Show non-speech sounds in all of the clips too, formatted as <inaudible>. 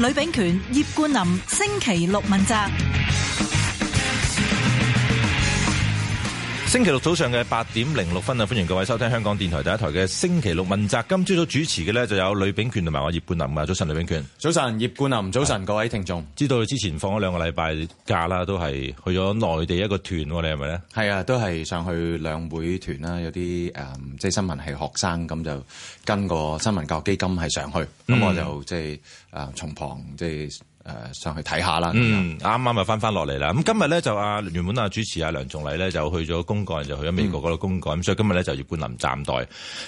呂秉權、葉冠霖、星期六問責。星期六早上嘅八點零六分啊，歡迎各位收聽香港電台第一台嘅星期六問責。今朝早主持嘅咧，就有呂秉權同埋我葉冠林啊。早晨，呂秉權，早晨，葉冠林，早晨，早早的各位聽眾。知道之前放咗兩個禮拜假啦，都係去咗內地一個團，你係咪咧？係啊，都係上去兩會團啦。有啲誒、呃，即係新聞係學生咁就跟個新聞教育基金係上去。咁、嗯、我就、呃、從旁即係誒，從旁即係。誒上去睇下啦。嗯，啱啱又翻翻落嚟啦。咁今日咧就啊原本啊主持阿梁仲禮咧就去咗公幹，就去咗美國嗰度公幹。咁、嗯、所以今日咧就葉冠林暫代。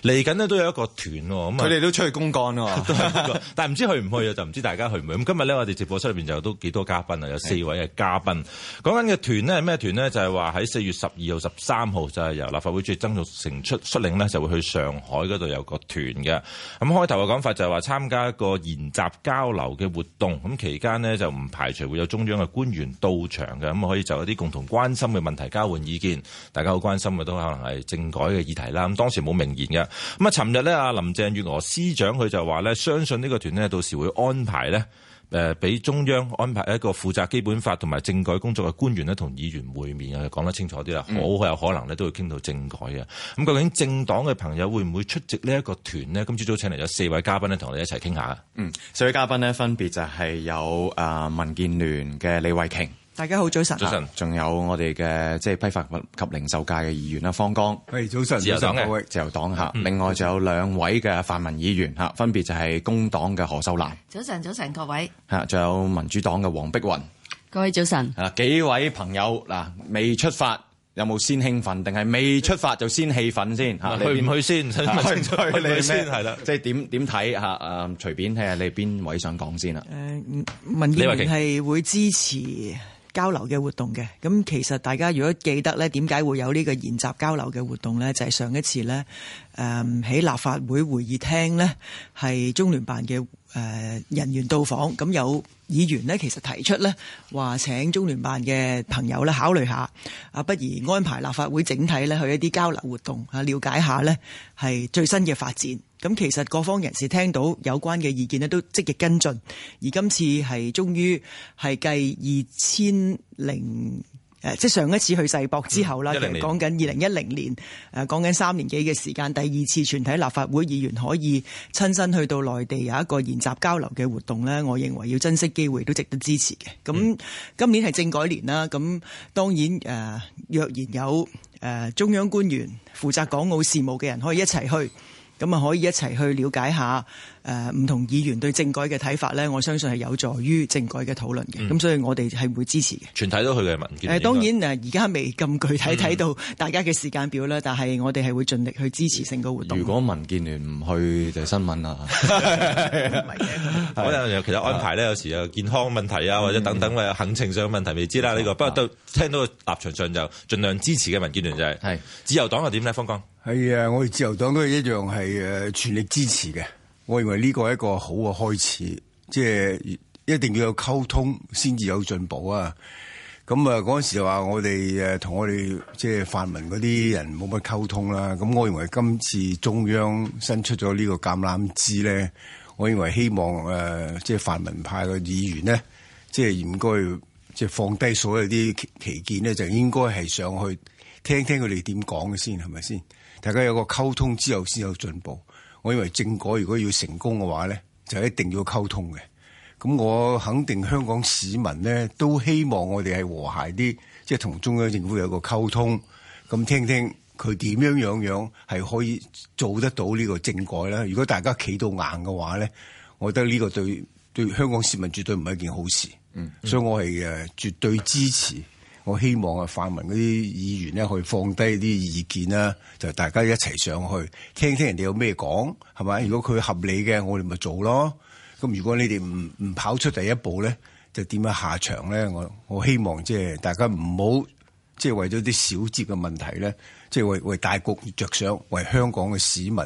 嚟緊呢，都有一個團喎，佢哋都出去公幹㗎。但唔知去唔去啊？ <laughs> 就唔知大家去唔去。咁今日咧我哋直播室入面就都幾多嘉賓啊？有四位嘅嘉賓。講緊嘅團呢，係咩團呢？就係話喺四月十二號十三號就係、是、由立法會主席曾鈺成出率領呢，就會去上海嗰度有個團嘅。咁開頭嘅講法就係話參加一個研習交流嘅活動。咁其間呢就唔排除會有中央嘅官員到場嘅，咁可以就一啲共同關心嘅問題交換意見。大家好關心嘅都可能係政改嘅議題啦。咁當時冇明言嘅。咁啊，尋日呢，阿林鄭月娥司長佢就話呢，相信呢個團呢到時會安排呢。誒，俾中央安排一個負責基本法同埋政改工作嘅官員咧，同議員會面啊，講得清楚啲啦，好有可能咧，都會傾到政改嘅。咁究竟政黨嘅朋友會唔會出席呢一個團呢？今朝早請嚟有四位嘉賓咧，同我哋一齊傾下。嗯，四位嘉賓咧，分別就係有啊、呃、民建聯嘅李慧瓊。大家好，早晨，早晨，仲有我哋嘅即係批發及零售界嘅議員啦，方剛，係，早晨，自由黨嘅，自由黨吓，另外仲有兩位嘅泛民議員吓，分別就係工黨嘅何秀蘭，早晨，早晨，各位吓，仲有民主黨嘅黃碧雲，各位早晨吓，幾位朋友嗱，未出發有冇先興奮，定係未出發就先氣憤先吓？去唔去先？想唔想去你先係啦，即係點點睇吓？誒，隨便睇下你邊位想講先啦。誒，民議員係會支持交流嘅活動嘅，咁其實大家如果記得咧，點解會有呢個研習交流嘅活動咧？就係上一次咧，誒喺立法會會議廳咧，係中聯辦嘅誒人員到訪，咁有議員咧，其實提出咧話請中聯辦嘅朋友咧考慮下，啊，不如安排立法會整體咧去一啲交流活動啊，了解下咧係最新嘅發展。咁其實各方人士聽到有關嘅意見咧，都積極跟進。而今次係終於係繼二千零誒，即係上一次去世博之後啦，其實講緊二零一零年誒，講緊三年幾嘅時間，第二次全體立法會議員可以親身去到內地有一個研習交流嘅活動咧。我認為要珍惜機會，都值得支持嘅。咁今年係政改年啦，咁當然誒，若然有誒中央官員負責港澳事務嘅人可以一齊去。咁啊，可以一齊去了解下唔同議員對政改嘅睇法咧，我相信係有助於政改嘅討論嘅。咁所以我哋係會支持嘅。全體都去嘅民建聯。誒當然誒，而家未咁具體睇到大家嘅時間表啦，但係我哋係會盡力去支持成個活動。如果民建聯唔去，就新聞啦。我哋其實安排咧，有時有健康問題啊，或者等等嘅行程上問題未知啦。呢個不過都聽到立場上就盡量支持嘅民建聯就係。係自由黨又點咧？方剛。係啊，我哋自由黨都係一樣係誒全力支持嘅。我認為呢個係一個好嘅開始，即係一定要有溝通先至有進步啊。咁啊嗰陣時話我哋誒同我哋即係泛民嗰啲人冇乜溝通啦。咁我認為今次中央伸出咗呢個橄欖枝咧，我認為希望誒即係泛民派嘅議員咧，即係應該即係放低所有啲歧，歧見咧，就應該係上去聽聽佢哋點講先，係咪先？大家有個溝通之後先有進步。我認為政改如果要成功嘅話呢，就一定要溝通嘅。咁我肯定香港市民呢都希望我哋係和諧啲，即係同中央政府有一個溝通，咁聽聽佢點樣樣樣係可以做得到呢個政改啦。如果大家企到硬嘅話呢，我覺得呢個對對香港市民絕對唔係一件好事。嗯，嗯。所以我係誒絕對支持。我希望啊，泛民嗰啲議員咧，可以放低啲意見啦，就大家一齊上去聽聽人哋有咩講，係嘛？如果佢合理嘅，我哋咪做咯。咁如果你哋唔唔跑出第一步咧，就點樣下場咧？我我希望即係大家唔好即係為咗啲小節嘅問題咧，即係為為大局着想，為香港嘅市民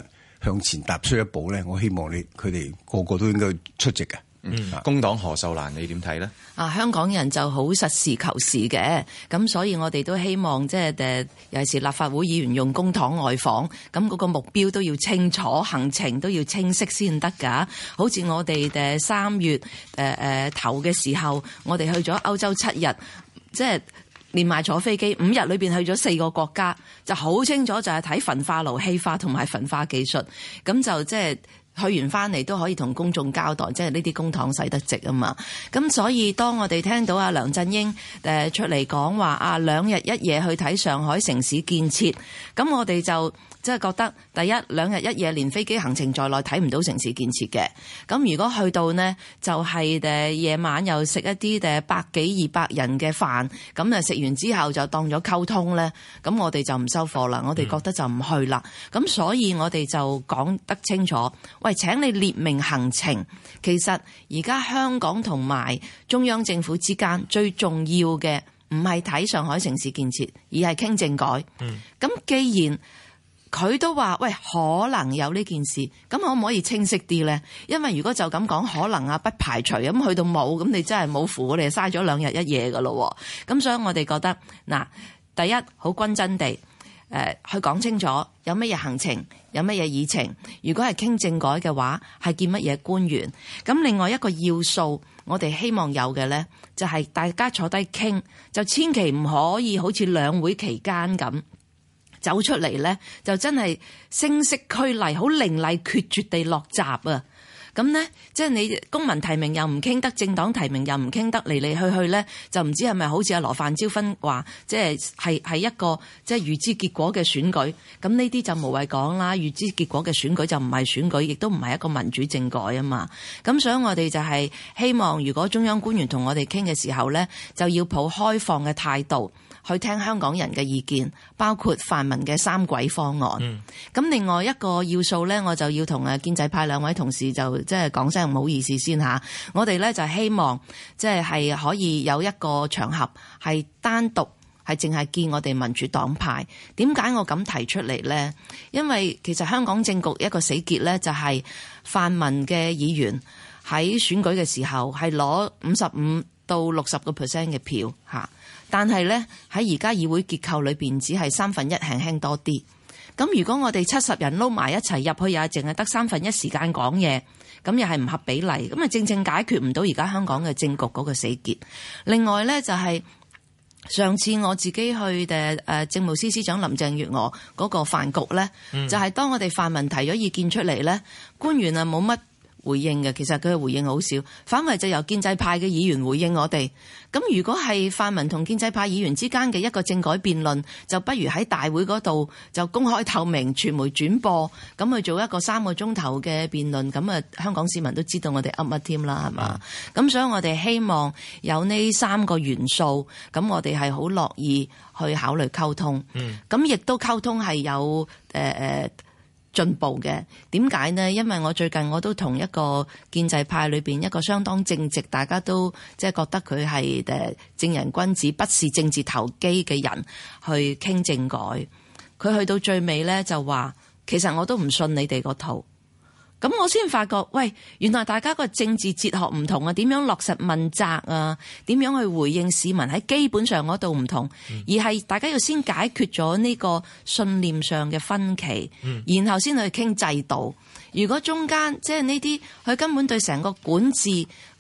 向前踏出一步咧。我希望你佢哋個個都應該出席嘅。嗯，工黨何秀蘭，你點睇呢？啊，香港人就好實事求是嘅，咁所以我哋都希望即係誒，尤其是立法會議員用公帑外訪，咁嗰個目標都要清楚，行程都要清晰先得噶。好似我哋誒三月誒誒頭嘅時候，我哋去咗歐洲七日，即係連埋坐飛機五日裏邊去咗四個國家，就好清楚就係睇焚化爐、氣化同埋焚化技術，咁就即係。去完翻嚟都可以同公眾交代，即係呢啲公帑使得值啊嘛！咁所以當我哋聽到阿梁振英誒出嚟講話，啊兩日一夜去睇上海城市建設，咁我哋就。即係覺得第一兩日一夜，連飛機行程在內睇唔到城市建設嘅。咁如果去到呢，就係誒夜晚又食一啲百幾二百人嘅飯，咁誒食完之後就當咗溝通呢。咁我哋就唔收貨啦，我哋覺得就唔去啦。咁、嗯、所以我哋就講得清楚。喂，請你列明行程。其實而家香港同埋中央政府之間最重要嘅唔係睇上海城市建設，而係傾政改。咁、嗯、既然佢都話：喂，可能有呢件事，咁可唔可以清晰啲呢？因為如果就咁講可能啊，不排除咁去到冇，咁你真係冇符，你嘥咗兩日一夜噶咯。咁所以我哋覺得，嗱，第一好均真地，誒、呃，去講清楚有乜嘢行程，有乜嘢議程。如果係傾政改嘅話，係見乜嘢官員。咁另外一個要素，我哋希望有嘅呢，就係、係、大家坐低傾，就千祈唔可以好似兩會期間咁。走出嚟咧，就真係聲色俱厲，好凌厲決絕地落閘啊！咁呢，即係你公民提名又唔傾得，政黨提名又唔傾得，嚟嚟去去呢，就唔知係咪好似阿羅范椒芬話，即係係係一個即係預知結果嘅選舉。咁呢啲就無謂講啦。預知結果嘅選舉就唔係選舉，亦都唔係一個民主政改啊嘛。咁所以我哋就係希望，如果中央官員同我哋傾嘅時候呢，就要抱開放嘅態度。去聽香港人嘅意見，包括泛民嘅三軌方案。咁、嗯、另外一個要素呢，我就要同建制派兩位同事就即係講聲唔好意思先下。我哋呢，就希望即係可以有一個場合係單獨係淨係見我哋民主黨派。點解我咁提出嚟呢？因為其實香港政局一個死結呢，就係泛民嘅議員喺選舉嘅時候係攞五十五到六十個 percent 嘅票嚇，但係呢，喺而家議會結構裏邊，只係三分一輕輕多啲。咁如果我哋七十人撈埋一齊入去又淨係得三分一時間講嘢，咁又係唔合比例，咁啊正正解決唔到而家香港嘅政局嗰個死結。另外呢，就係、是、上次我自己去誒誒政務司司長林鄭月娥嗰個飯局呢，嗯、就係當我哋泛民提咗意見出嚟呢，官員啊冇乜回應嘅，其實佢嘅回應好少，反而就由建制派嘅議員回應我哋。咁如果係泛民同建制派議員之間嘅一個政改辯論，就不如喺大會嗰度就公開透明、傳媒轉播，咁去做一個三個鐘頭嘅辯論，咁啊香港市民都知道我哋噏乜添啦，係嘛？咁所以我哋希望有呢三個元素，咁我哋係好樂意去考慮溝通。嗯，咁亦都溝通係有誒、呃進步嘅點解呢？因為我最近我都同一個建制派裏面一個相當正直，大家都即係覺得佢係誒正人君子，不是政治投機嘅人去傾政改。佢去到最尾呢，就話其實我都唔信你哋個套。咁我先發覺，喂，原來大家個政治哲學唔同啊，點樣落實問責啊，點樣去回應市民喺基本上嗰度唔同，嗯、而係大家要先解決咗呢個信念上嘅分歧，嗯、然後先去傾制度。如果中間即係呢啲，佢根本對成個管治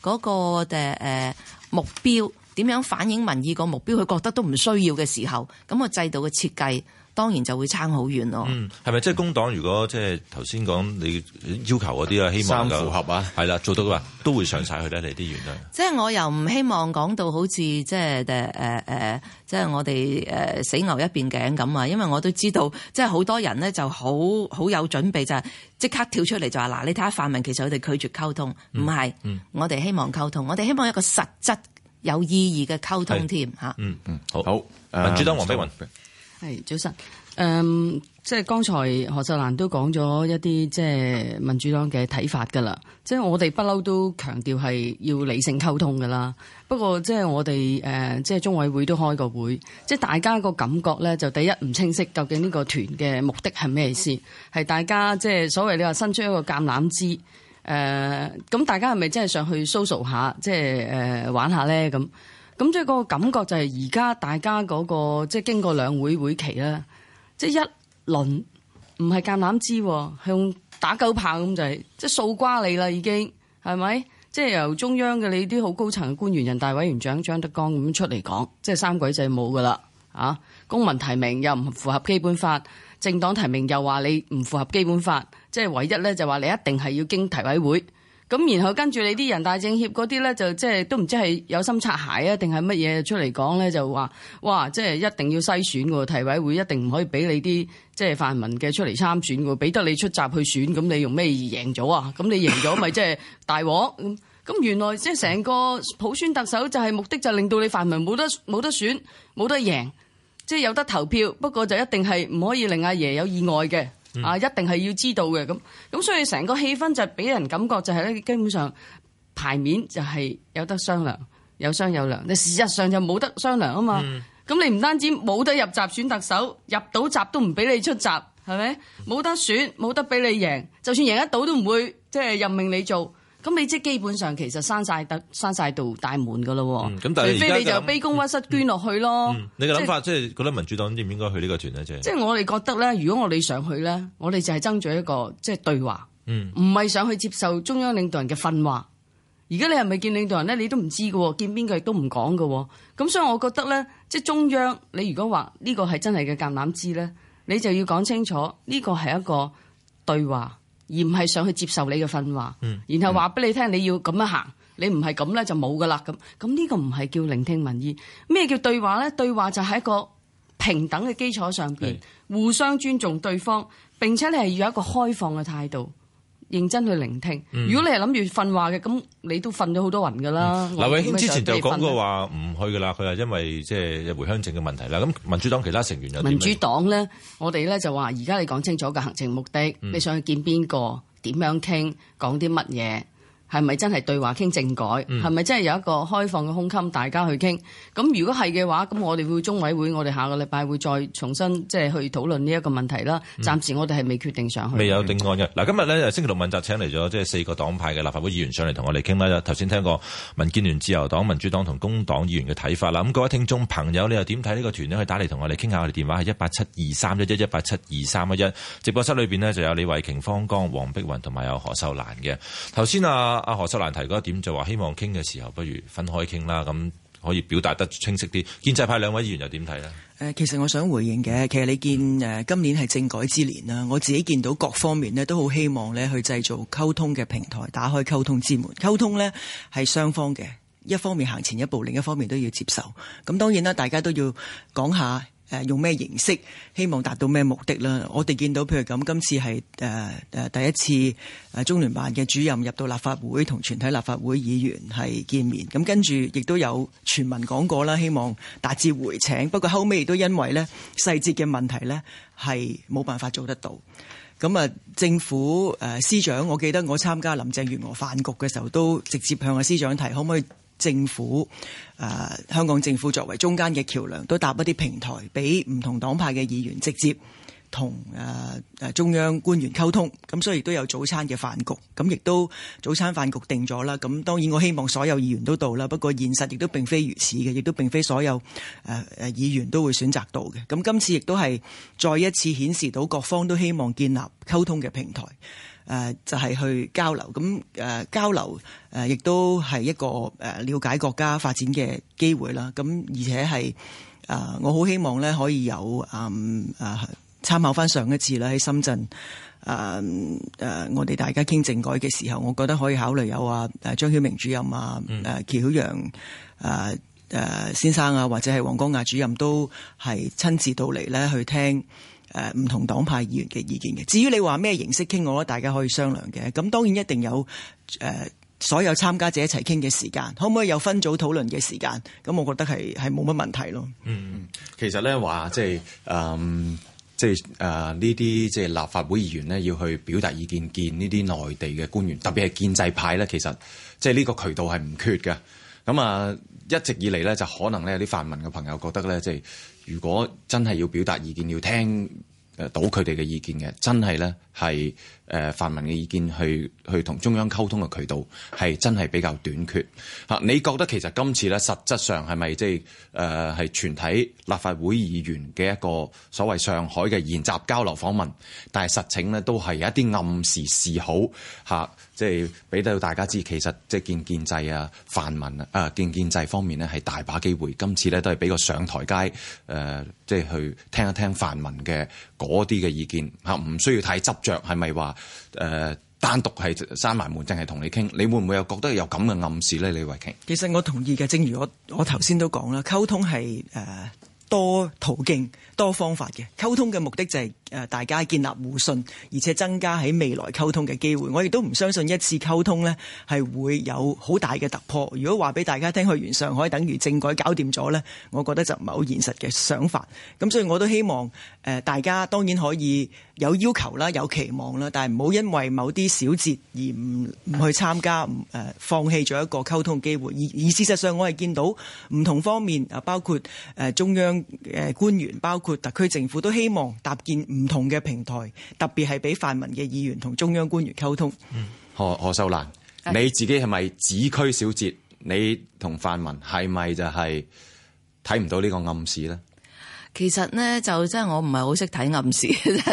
嗰、個誒、呃、目標點樣反映民意個目標，佢覺得都唔需要嘅時候，咁、個制度嘅設計。當然就會撐好遠咯。嗯，係咪即係工黨？如果即係頭先講你要求嗰啲啊，希望符合啊，係啦，做到嘅話都會上晒去咧。你啲原嚟即係我又唔希望講到好似即係誒誒即係我哋誒死牛一邊頸咁啊！因為我都知道，即係好多人咧就好好有準備就係即刻跳出嚟就話嗱，你睇下泛民。」其實佢哋拒絕溝通，唔係我哋希望溝通，我哋希望一個實質有意義嘅溝通添嚇。嗯嗯，好。民主黨黃碧雲。係，早晨。嗯，即係剛才何秀蘭都講咗一啲即係民主黨嘅睇法噶啦。即係我哋不嬲都強調係要理性溝通噶啦。不過即係我哋誒，即係中委會都開過會，即係大家個感覺咧，就第一唔清晰，究竟呢個團嘅目的係咩意思？係大家即係所謂你話伸出一個橄欖枝，誒、呃，咁大家係咪真係想去 social 下，即係誒玩一下咧？咁？咁即係個感覺就係而家大家嗰、嗰個，即係經過兩會會期啦，即係一輪唔係橄欖枝，向打狗炮咁就係，即係掃瓜你啦，已經係咪？即係由中央嘅你啲好高層嘅官員、人大委員長張德江咁出嚟講，即係三軌制就係冇噶啦，啊公民提名又唔符合基本法，政黨提名又話你唔符合基本法，即係唯一咧就話你一定係要經提委會。咁然後跟住你啲人大政協嗰啲咧，就即係都唔知係有心擦鞋啊，定係乜嘢出嚟講咧？就話哇，即係一定要篩選喎，提委會一定唔可以俾你啲即係泛民嘅出嚟參選喎，俾得你出閘去選，咁你用咩贏咗啊？咁你贏咗咪即係大鑊？咁咁原來即係成個普選特首就係目的就令到你泛民冇得冇得選，冇得贏，即係有得投票，不過就一定係唔可以令阿爺有意外嘅。嗯、啊！一定係要知道嘅咁，咁所以成個氣氛就俾人感覺就係、是、咧，基本上牌面就係有得商量，有商有量。你事實上就冇得商量啊嘛。咁、嗯、你唔單止冇得入閘選特首，入到閘都唔俾你出閘，係咪？冇得選冇得俾你贏，就算贏得到都唔會即係任命你做。咁你即係基本上其實閂晒得閂晒道大門噶咯喎，除、嗯、非你就卑躬屈膝捐落去咯。嗯嗯、你嘅諗法即係覺得民主黨應唔應該去呢個團咧？即係即係我哋覺得咧，如果我哋上去咧，我哋就係爭取一個即係、就是、對話，唔係想去接受中央領導人嘅訓話。而家你係咪見領導人咧？你都唔知嘅喎，見邊個亦都唔講嘅喎。咁所以我覺得咧，即係中央，你如果話呢個係真係嘅橄欖枝咧，你就要講清楚呢個係一個對話，而唔係想去接受你嘅訓話，嗯、然後話俾你聽你要咁樣行，嗯、你唔係咁咧就冇噶啦咁。咁呢個唔係叫聆聽民意，咩叫對話咧？對話就係一個平等嘅基礎上邊，是互相尊重對方，並且你係要有一個開放嘅態度。認真去聆聽，如果你係諗住訓話嘅，咁你都訓咗好多人噶啦。劉慧卿之前就講過話唔去噶啦，佢係因為即係回鄉證嘅問題啦。咁民主黨其他成員又民主黨咧，我哋咧就話而家你講清楚嘅行程目的，你想去見邊個，點樣傾，講啲乜嘢。係咪真係對話傾政改？係咪、嗯、真係有一個開放嘅胸襟，大家去傾？咁如果係嘅話，咁我哋會中委會，我哋下個禮拜會再重新即係、即係、去討論呢一個問題啦。嗯、暫時我哋係未決定上去。未有定案嘅嗱。今日呢，星期六問責請嚟咗即係四個黨派嘅立法會議員上嚟同我哋傾啦。頭先聽過民建聯、自由黨、民主黨同工黨議員嘅睇法啦。咁各位聽眾朋友，你又點睇呢個團呢？可以打嚟同我哋傾下。我哋電話係一八七二三一一一八七二三一一。直播室裏邊呢，就有李慧瓊、方剛、黃碧雲同埋有，有何秀蘭嘅。頭先啊。阿何秀蘭提嗰一點就話：希望傾嘅時候，不如分開傾啦，咁可以表達得清晰啲。建制派兩位議員又點睇呢？誒，其實我想回應嘅，其實你見誒今年係政改之年啦，我自己見到各方面呢都好希望呢去製造溝通嘅平台，打開溝通之門。溝通呢係雙方嘅，一方面行前一步，另一方面都要接受。咁當然啦，大家都要講下。誒用咩形式，希望達到咩目的啦？我哋見到譬如咁，今次係誒、呃、第一次誒、中聯辦嘅主任入到立法會同全體立法會議員係見面，咁跟住亦都有傳聞講過啦，希望達至回請。不過後尾亦都因為呢細節嘅問題呢，係冇辦法做得到。咁啊，政府誒、呃、司長，我記得我參加林鄭月娥飯局嘅時候，都直接向阿司長提，可唔可以？政府誒、呃、香港政府作為中間嘅橋梁，都搭一啲平台俾唔同黨派嘅議員直接同誒、呃、中央官員溝通。咁、嗯、所以都有早餐嘅飯局，咁、嗯、亦都早餐飯局定咗啦。咁、嗯、當然我希望所有議員都到啦，不過現實亦都並非如此嘅，亦都並非所有誒誒、呃、議員都會選擇到嘅。咁、嗯、今次亦都係再一次顯示到各方都希望建立溝通嘅平台。誒就係去交流，咁誒交流誒亦都係一個誒瞭解國家發展嘅機會啦。咁而且係誒我好希望咧可以有誒誒、嗯啊、參考翻上一次啦，喺深圳誒誒、啊啊、我哋大家傾政改嘅時候，我覺得可以考慮有啊誒張曉明主任、嗯、曉啊、誒喬曉陽誒誒先生啊，或者係王光亞主任都係親自到嚟咧去聽。誒唔、呃、同黨派議員嘅意見嘅，至於你話咩形式傾，我覺得大家可以商量嘅。咁當然一定有誒、呃、所有參加者一齊傾嘅時間，可唔可以有分組討論嘅時間？咁我覺得係係冇乜問題咯。嗯，其實咧話即係誒、呃、即係誒呢啲即係立法會議員咧要去表達意見見呢啲內地嘅官員，特別係建制派咧，其實即係呢個渠道係唔缺嘅。咁啊一直以嚟咧就可能咧有啲泛民嘅朋友覺得咧即係。如果真係要表達意見，要聽誒到佢哋嘅意見嘅，真係咧。係誒、呃、泛民嘅意見去去同中央溝通嘅渠道係真係比較短缺吓，你覺得其實今次咧，實質上係咪即係誒係全體立法會議員嘅一個所謂上海嘅研習交流訪問，但係實情咧都係一啲暗示示好吓，即係俾到大家知，其實即係建建制啊泛民啊誒建建制方面咧係大把機會，今次咧都係俾個上台階誒即係去聽一聽泛民嘅嗰啲嘅意見吓，唔、啊、需要太執。着係咪話誒，單獨係閂埋門，淨係同你傾。你會唔會又覺得有咁嘅暗示咧？李慧瓊，其實我同意嘅，正如我我頭先都講啦，溝通係誒、呃、多途徑。多方法嘅溝通嘅目的就係誒，大家建立互信，而且增加喺未來溝通嘅機會。我亦都唔相信一次溝通咧係會有好大嘅突破。如果話俾大家聽去完上海等於政改搞掂咗咧，我覺得就唔係好現實嘅想法。咁所以我都希望誒大家當然可以有要求啦，有期望啦，但係唔好因為某啲小節而唔唔去參加，唔誒放棄咗一個溝通機會。而而事實上我係見到唔同方面啊，包括誒中央誒官員，包特區政府都希望搭建唔同嘅平台，特別係俾泛民嘅議員同中央官員溝通。何、嗯、何秀蘭，是你自己係咪指區小節？你同泛民係咪就係睇唔到呢個暗示咧？其實呢，就真係我唔係好識睇暗示，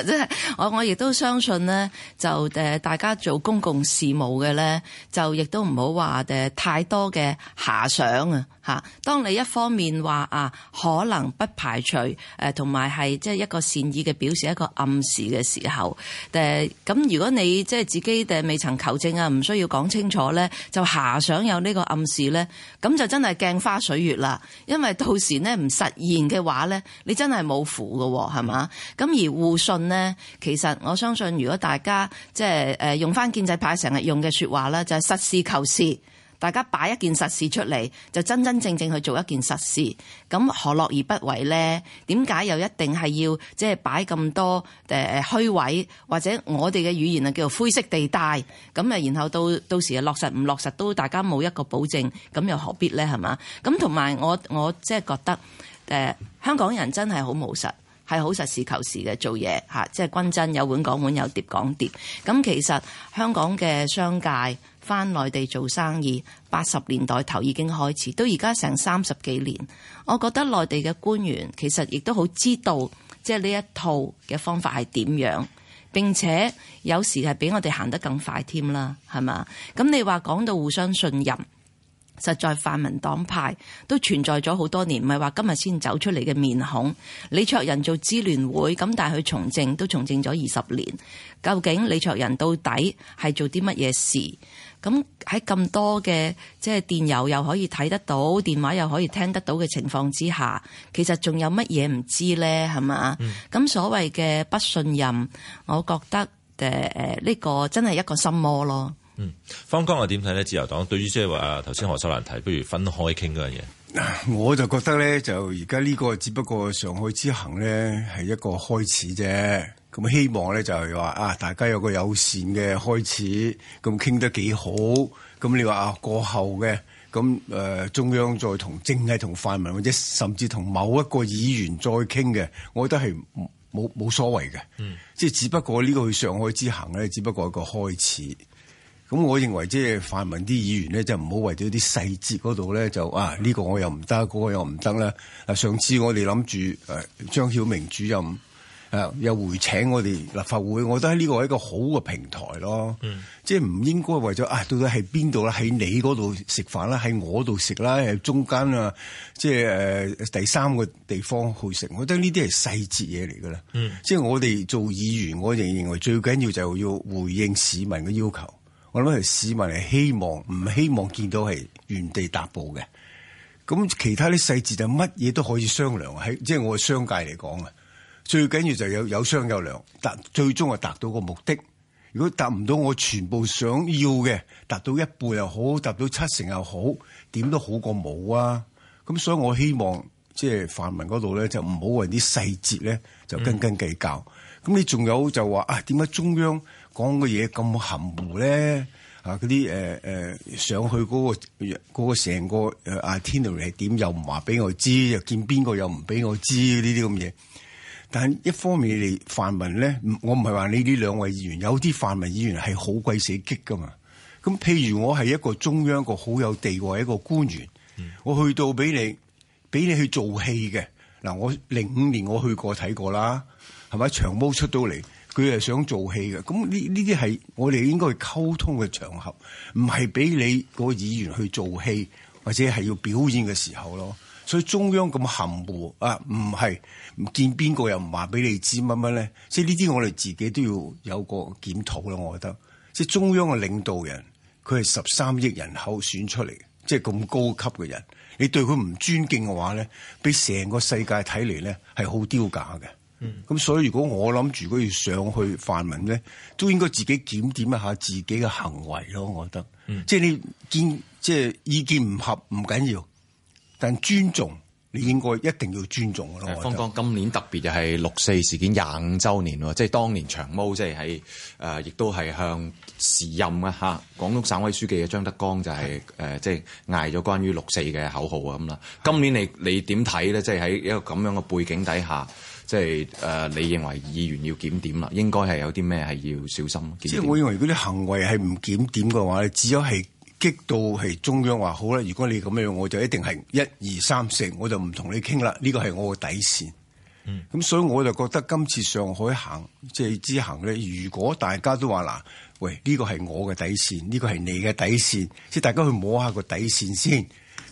真 <laughs> 係我我亦都相信呢，就誒大家做公共事務嘅咧，就亦都唔好話誒太多嘅遐想啊。吓！當你一方面話啊，可能不排除誒，同埋係即係一個善意嘅表示，一個暗示嘅時候，誒咁如果你即係自己嘅未曾求證啊，唔需要講清楚咧，就遐想有呢個暗示咧，咁就真係鏡花水月啦。因為到時咧唔實現嘅話咧，你真係冇符㗎喎，係嘛？咁而互信咧，其實我相信，如果大家即係誒用翻建制派成日用嘅說話咧，就係實事求是。大家擺一件實事出嚟，就真真正正去做一件實事，咁何樂而不為呢？點解又一定係要即係擺咁多誒誒虛位？或者我哋嘅語言啊叫做灰色地帶，咁啊，然後到到時落實唔落實都大家冇一個保證，咁又何必呢？係嘛？咁同埋我我即係覺得誒，香港人真係好務實，係好實事求是嘅做嘢嚇，即係均真有碗講碗，有碟講碟。咁其實香港嘅商界。返內地做生意，八十年代頭已經開始，到而家成三十幾年，我覺得內地嘅官員其實亦都好知道，即係呢一套嘅方法係點樣，並且有時係比我哋行得更快添啦，係嘛？咁你話講到互相信任，實在泛民黨派都存在咗好多年，唔係話今日先走出嚟嘅面孔。李卓人做支聯會，咁但係佢從政都從政咗二十年，究竟李卓人到底係做啲乜嘢事？咁喺咁多嘅，即係電郵又可以睇得到，電話又可以聽得到嘅情況之下，其實仲有乜嘢唔知咧？係嘛？咁、嗯、所謂嘅不信任，我覺得誒誒呢個真係一個心魔咯。嗯，方剛，又點睇咧？自由黨對於即係話頭先何秀蘭提，不如分開傾嗰樣嘢。我就覺得咧，就而家呢個只不過上海之行咧係一個開始啫。咁希望咧就係話啊，大家有個友善嘅開始，咁傾得幾好。咁你話啊過後嘅咁誒中央再同，淨係同泛民或者甚至同某一個議員再傾嘅，我覺得係冇冇所謂嘅。即係、嗯、只不過呢個去上海之行咧，只不過一個開始。咁我認為即係泛民啲議員咧，就唔好為咗啲細節嗰度咧，就啊呢個我又唔得，嗰個又唔得咧。上次我哋諗住誒張曉明主任，又回請我哋立法會，我覺得呢個係一個好嘅平台咯。嗯、即係唔應該為咗啊，到底喺邊度咧？喺你嗰度食飯啦，喺我度食啦，喺中間啊，即係、呃、第三個地方去食。我覺得呢啲係細節嘢嚟㗎啦。嗯、即係我哋做議員，我仍認為最緊要就要回應市民嘅要求。我諗係市民係希望唔希望見到係原地踏步嘅？咁其他啲細節就乜嘢都可以商量，喺即係我嘅商界嚟講啊。最緊要就有有商有量，最終啊達到個目的。如果達唔到我全部想要嘅，達到一半又好，達到七成又好，點都好過冇啊！咁所以我希望即係泛民嗰度咧，就唔好為啲細節咧就斤斤計較。咁、嗯、你仲有就話啊？點解中央講嘅嘢咁含糊咧？啊，嗰啲誒誒上去嗰、那個嗰、那個成個 itinerary 係點？又唔話俾我知，又見邊個又唔俾我知呢啲咁嘢。但係一方面你哋泛民咧，我唔係話你呢兩位議員，有啲泛民議員係好鬼死激噶嘛？咁譬如我係一個中央一個好有地位一個官員，我去到俾你俾你去做戲嘅嗱，我零五年我去過睇過啦，係咪長毛出到嚟，佢係想做戲嘅？咁呢呢啲係我哋應該去溝通嘅場合，唔係俾你個議員去做戲或者係要表演嘅時候咯。所以中央咁含糊啊，唔係唔見邊個又唔話俾你知乜乜咧？即係呢啲我哋自己都要有個檢討啦，我覺得。即係中央嘅領導人，佢係十三億人口選出嚟，即係咁高級嘅人，你對佢唔尊敬嘅話咧，俾成個世界睇嚟咧，係好丟架嘅。咁所以如果我諗住如果要上去泛民咧，都應該自己檢點一下自己嘅行為咯，我覺得。即係、嗯、你見即係意見唔合唔緊要。但尊重，你應該一定要尊重嘅咯。方剛今年特別就係六四事件廿五周年，即係當年長毛即係喺誒，亦都係向時任啊，吓廣東省委書記嘅張德江就係、是、誒、呃，即係嗌咗關於六四嘅口號啊咁啦。今年你你點睇咧？即係喺一個咁樣嘅背景底下，即係誒、呃，你認為議員要檢點啦，應該係有啲咩係要小心檢點？即係我認為嗰啲行為係唔檢點嘅話，只有係。激到係中央話好咧，如果你咁樣，我就一定係一二三四，我就唔同你傾啦。呢、呢個係我嘅底線。咁、嗯、所以我就覺得今次上海行即係、即係、之行咧，如果大家都話嗱，喂，呢、呢個係我嘅底線，呢、呢個係你嘅底線，即係大家去摸下個底線先。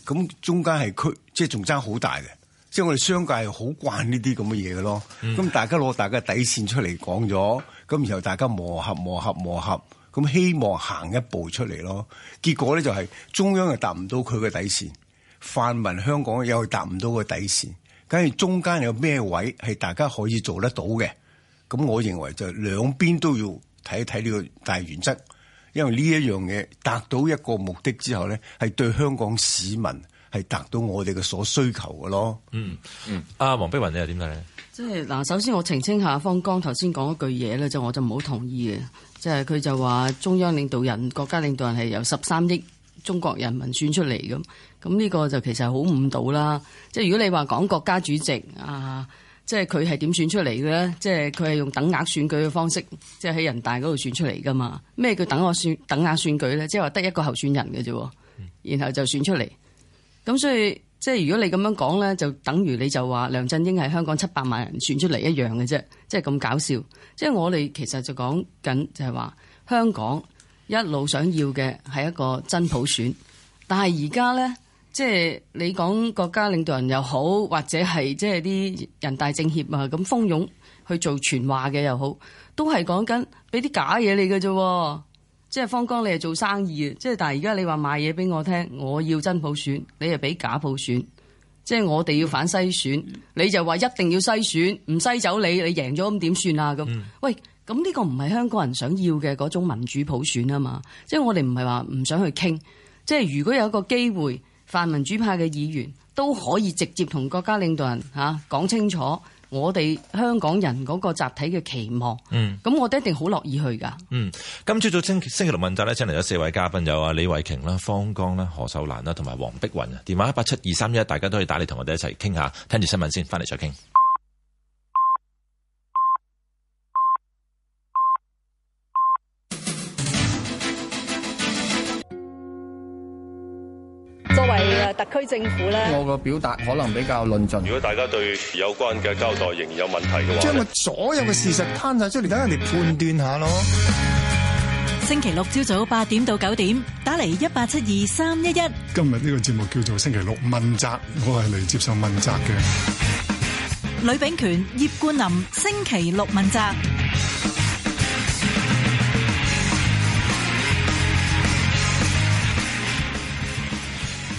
咁中間係區，即係仲爭好大嘅。即係我哋商界係好慣呢啲咁嘅嘢嘅咯。咁、嗯、大家攞大家底線出嚟講咗，咁然後大家磨合磨合磨合。磨合咁希望行一步出嚟咯，結果咧就係中央又達唔到佢嘅底線，泛民香港又達唔到個底線，假如中間有咩位係大家可以做得到嘅，咁我認為就兩邊都要睇一睇呢個大原則，因為呢一樣嘢達到一個目的之後咧，係對香港市民係達到我哋嘅所需求嘅咯。嗯嗯，阿黃碧雲你又點睇呢？即係嗱，首先我澄清下，方剛頭先講一句嘢咧，就我就唔好同意嘅。即係佢就話中央領導人、國家領導人係由十三億中國人民選出嚟咁，咁呢個就其實好誤導啦。即係如果你話講國家主席啊，即係佢係點選出嚟嘅呢？即係佢係用等額選舉嘅方式，即係喺人大嗰度選出嚟噶嘛？咩叫等額選等額選舉呢？即係話得一個候選人嘅啫，然後就選出嚟。咁所以即係如果你咁樣講呢，就等於你就話梁振英係香港七百萬人選出嚟一樣嘅啫，即係咁搞笑。即係我哋其實就講緊就係話香港一路想要嘅係一個真普選，但係而家呢，即係你講國家領導人又好，或者係即係啲人大政協啊咁蜂擁去做傳話嘅又好，都係講緊俾啲假嘢你嘅啫。即係方剛，你係做生意嘅，即係但係而家你話賣嘢俾我聽，我要真普選，你係俾假普選，即係我哋要反篩選，你就話一定要篩選，唔篩走你，你贏咗咁點算啊？咁，嗯、喂，咁呢個唔係香港人想要嘅嗰種民主普選啊嘛，即係我哋唔係話唔想去傾，即係如果有一個機會，泛民主派嘅議員都可以直接同國家領導人吓講、啊、清楚。我哋香港人嗰個集體嘅期望，咁、嗯、我哋一定好樂意去噶。嗯，今朝早星星期六問答咧，請嚟咗四位嘉賓，有啊李慧瓊啦、方剛啦、何秀蘭啦，同埋黃碧雲啊。電話一八七二三一，大家都可以打嚟，同我哋一齊傾下，聽住新聞先，翻嚟再傾。係啊，特區政府咧。我個表達可能比較論盡。如果大家對有關嘅交代仍然有問題嘅話，將咪所有嘅事實攤晒出嚟，等、嗯、人哋判斷下咯。嗯、星期六朝早八點到九點，打嚟一八七二三一一。今日呢個節目叫做星期六問責，我係嚟接受問責嘅。呂炳權、葉冠林，星期六問責。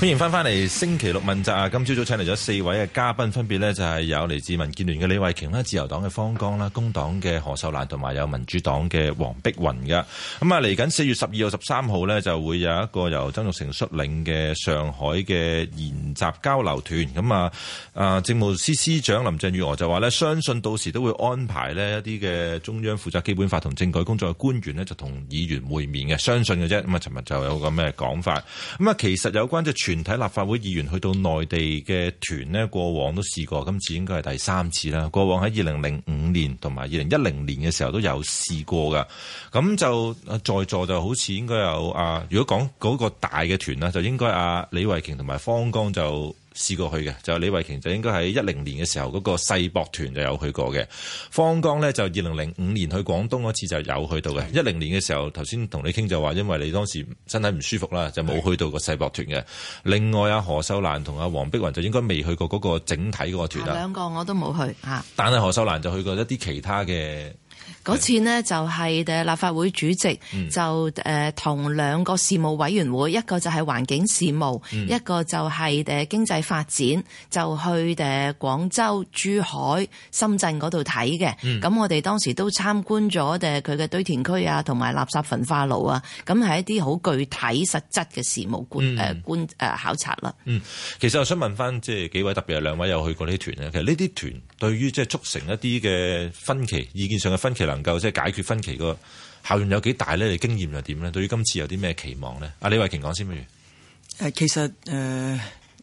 歡迎翻翻嚟星期六問責啊！今朝早請嚟咗四位嘅嘉賓，分別呢就係有嚟自民建聯嘅李慧瓊啦、其他自由黨嘅方剛啦、工黨嘅何秀蘭同埋有民主黨嘅黃碧雲嘅。咁啊，嚟緊四月十二號、十三號呢，就會有一個由曾玉成率領嘅上海嘅研習交流團。咁啊，啊政務司司長林鄭月娥就話呢，相信到時都會安排呢一啲嘅中央負責基本法同政改工作嘅官員呢，就同議員會面嘅。相信嘅啫。咁啊，尋日就有個咩講法？咁啊，其實有關嘅傳全體立法會議員去到內地嘅團呢，過往都試過，今次應該係第三次啦。過往喺二零零五年同埋二零一零年嘅時候都有試過㗎，咁就在座就好似應該有啊。如果講嗰個大嘅團啦，就應該啊。李慧瓊同埋方剛就。試過去嘅就李慧瓊就應該喺一零年嘅時候嗰個世博團就有去過嘅，方剛呢，就二零零五年去廣東嗰次就有去到嘅，一零是的 年嘅時候頭先同你傾就話因為你當時身體唔舒服啦就冇去到個世博團嘅，是的 另外啊何秀蘭同阿黃碧雲就應該未去過嗰個整體嗰個團啦，兩個我都冇去、啊、但係何秀蘭就去過一啲其他嘅。嗰次呢就係誒立法會主席就誒同兩個事務委員會，嗯、一個就係環境事務，嗯、一個就係誒經濟發展，就去誒廣州、珠海、深圳嗰度睇嘅。咁、嗯、我哋當時都參觀咗誒佢嘅堆填區啊，同埋垃圾焚化爐啊。咁係一啲好具體實質嘅事務觀誒、嗯、觀誒考察啦。嗯，其實我想問翻即係幾位特別係兩位有去過呢啲團啊。其實呢啲團對於即係促成一啲嘅分歧、意見上嘅分歧。其能夠即係解決分歧個效用有幾大咧？你的經驗又點咧？對於今次有啲咩期望咧？阿李慧瓊講先。不如誒，其實誒、呃、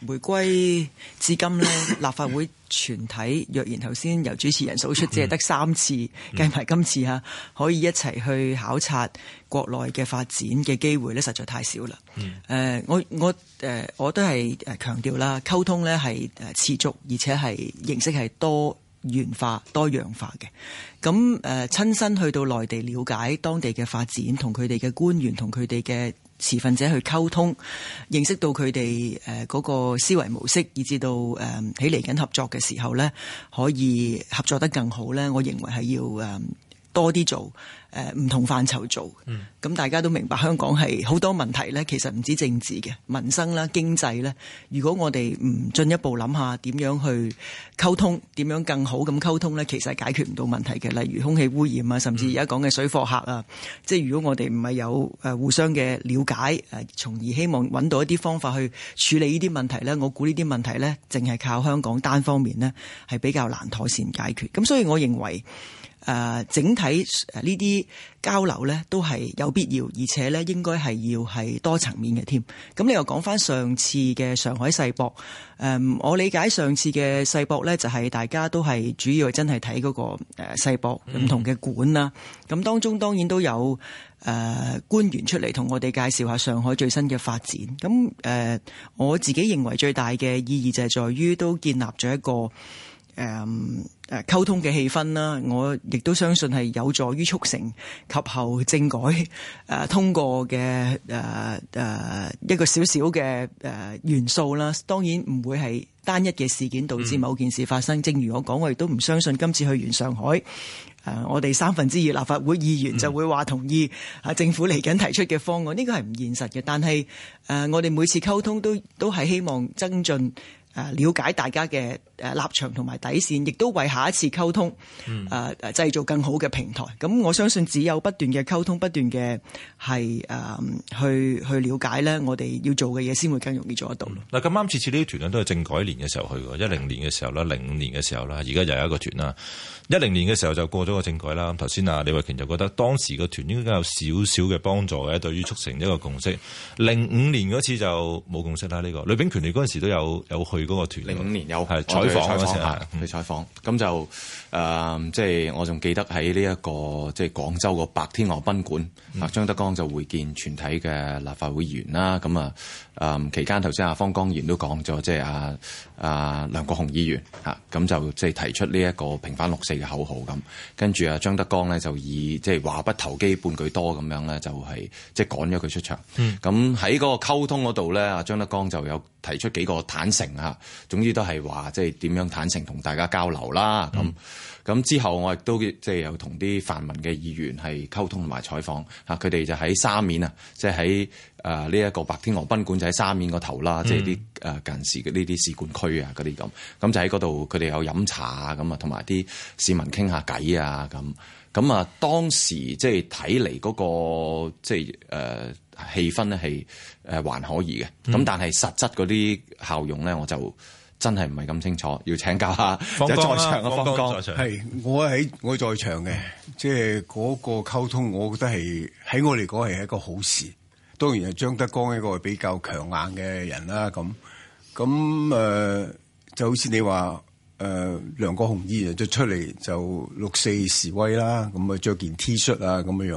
回歸至今咧， <coughs> 立法會全體若然頭先由主持人數出，只係得三次、嗯、計埋今次嚇，可以一齊去考察國內嘅發展嘅機會咧，實在太少啦。誒、嗯呃，我我誒、呃、我都係誒強調啦，溝通咧係誒持續，而且係認識係多。多元化、多樣化嘅，咁誒親身去到內地了解當地嘅發展，同佢哋嘅官員同佢哋嘅持份者去溝通，認識到佢哋誒嗰個思維模式，以至到誒喺嚟緊合作嘅時候呢，可以合作得更好呢，我認為係要誒多啲做。誒唔同範疇做，咁、嗯、大家都明白香港係好多問題呢，其實唔止政治嘅民生啦、經濟呢如果我哋唔進一步諗下點樣去溝通，點樣更好咁溝通呢？其實解決唔到問題嘅。例如空氣污染啊，甚至而家講嘅水貨客啊，嗯、即係如果我哋唔係有誒互相嘅了解，誒從而希望揾到一啲方法去處理呢啲問題呢。我估呢啲問題呢，淨係靠香港單方面呢，係比較難妥善解決。咁所以我認為。誒，整體呢啲交流呢都係有必要，而且呢應該係要係多層面嘅添。咁你又講翻上次嘅上海世博，誒，我理解上次嘅世博呢，就係大家都係主要真係睇嗰個世博唔同嘅館啦。咁、嗯、當中當然都有誒官員出嚟同我哋介紹下上海最新嘅發展。咁誒，我自己認為最大嘅意義就係在於都建立咗一個誒，嗯誒溝通嘅氣氛啦，我亦都相信係有助於促成及後政改誒通過嘅誒誒一個少少嘅誒元素啦。當然唔會係單一嘅事件導致某件事發生。嗯、正如我講，我亦都唔相信今次去完上海，誒我哋三分之二立法會議員就會話同意啊政府嚟緊提出嘅方案，呢個係唔現實嘅。但係誒我哋每次溝通都都係希望增進誒了解大家嘅立場同埋底線，亦都為下一次溝通誒誒、嗯呃、製造更好嘅平台。咁我相信只有不斷嘅溝通，不斷嘅係誒去去了解咧，我哋要做嘅嘢先會更容易做得到嗱，咁啱、嗯、次次呢啲團呢，都係政改年嘅時候去嘅，一零年嘅時候啦，零五年嘅時候啦，而家又有一個團啦。一零年嘅時候就過咗個政改啦。頭先啊李慧瓊就覺得當時個團應該有少少嘅幫助嘅，對於促成一個共識。零五年嗰次就冇共識啦，呢、呢個。李炳權，你嗰時都有有去嗰個團，零五年有採訪嗰係去採訪，咁就。誒，即係、um, 我仲記得喺呢一個即係、就是、廣州個白天鵝賓館，嗯、張德江就會見全體嘅立法會議員啦。咁、嗯就是、啊，誒期間頭先啊方剛然都講咗，即係啊啊梁國雄議員咁、啊、就即係提出呢一個平反六四嘅口號咁。跟住啊張德江咧就以即係、就是、話不投機半句多咁樣咧，就係即係趕咗佢出場。咁喺嗰個溝通嗰度咧，啊張德江就有提出幾個坦誠嚇，總之都係話即係點樣坦誠同大家交流啦咁。咁之後，我亦都即係有同啲泛民嘅議員係溝通同埋採訪吓，佢哋就喺沙面啊，即係喺呢一個白天鵝賓館就喺沙面個頭啦，即係啲近時嘅呢啲使館區啊嗰啲咁，咁就喺嗰度佢哋有飲茶啊咁啊，同埋啲市民傾下偈啊咁，咁啊當時即係睇嚟嗰個即係誒氣氛咧係還可以嘅，咁、嗯、但係實質嗰啲效用咧我就。真係唔係咁清楚，要請教下。有、啊、在場啊，方剛剛係，我喺我在場嘅，即係嗰個溝通，我覺得係喺我嚟講係一個好事。當然係張德江一個比較強硬嘅人啦。咁咁誒，就好似你話誒、呃、梁國雄依然就出嚟就六四示威啦，咁啊着件 T 恤啊咁樣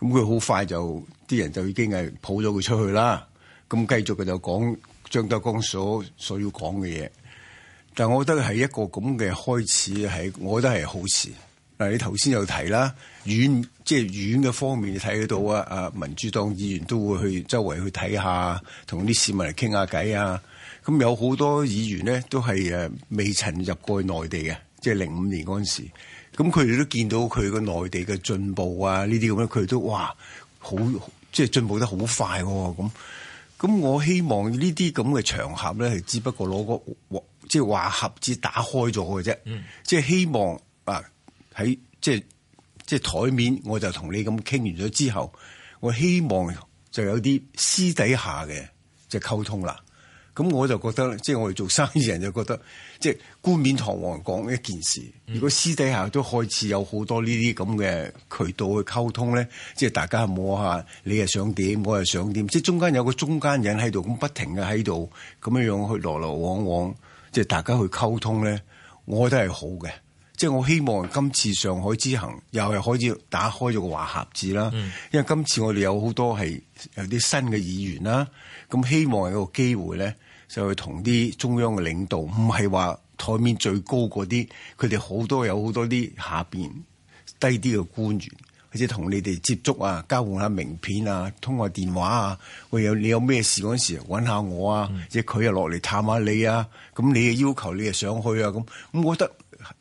咁，佢好快就啲人就已經係抱咗佢出去啦。咁繼續佢就講張德江所所要講嘅嘢，但係我覺得係一個咁嘅開始，係我覺得係好事。嗱，你頭先有提啦，院，即係院嘅方面你睇到啊，啊，民主黨議員都會去周圍去睇下，同啲市民嚟傾下偈啊。咁有好多議員咧，都係誒未曾入過內地嘅，即係零五年嗰陣時，咁佢哋都見到佢個內地嘅進步啊，呢啲咁樣，佢哋都哇，好即係進步得好快咁，啊。咁我希望呢啲咁嘅場合咧，係只不過攞個即係話盒子打開咗嘅啫，嗯，即係希望啊喺即係即係台面，我就同你咁傾完咗之後，我希望就有啲私底下嘅即係溝通啦。咁我就覺得，即係我哋做生意人就覺得，即係冠冕堂皇講一件事，如果私底下都開始有好多呢啲咁嘅渠道去溝通咧，即係大家摸下你係想點，我係想點，即係中間有個中間人喺度咁不停嘅喺度咁樣樣去來來往往，即係大家去溝通咧，我覺得係好嘅。即係我希望今次上海之行又係開始打開咗個話匣子啦，嗯、因為今次我哋有好多係有啲新嘅議員啦。咁希望有個機會咧，就去同啲中央嘅領導，唔係話台面最高嗰啲，佢哋好多有好多啲下邊低啲嘅官員，或者同你哋接觸啊，交換下名片啊，通下電話啊，喂，有你有咩事嗰陣時揾下我啊，即、嗯、者佢又落嚟探下你啊，咁你嘅要求你又想去啊，咁咁我覺得